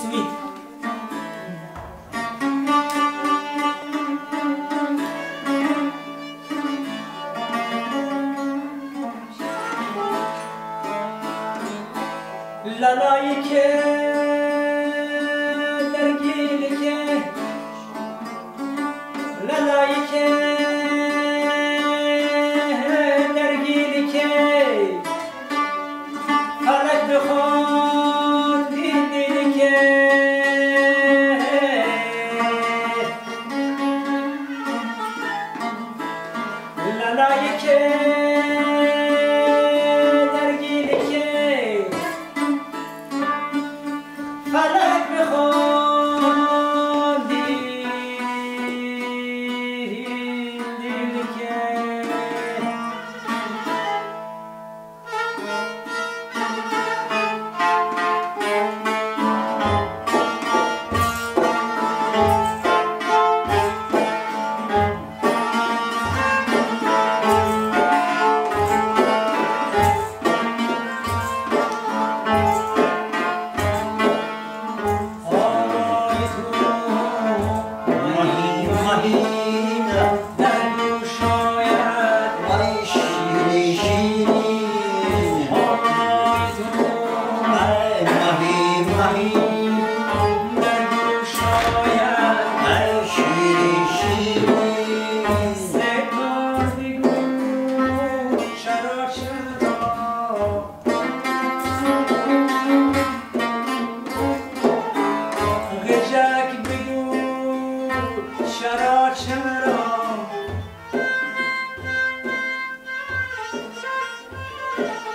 Smith. Lalaike Dergilike Lalaike Dergilike Falak Thank you. Thank you.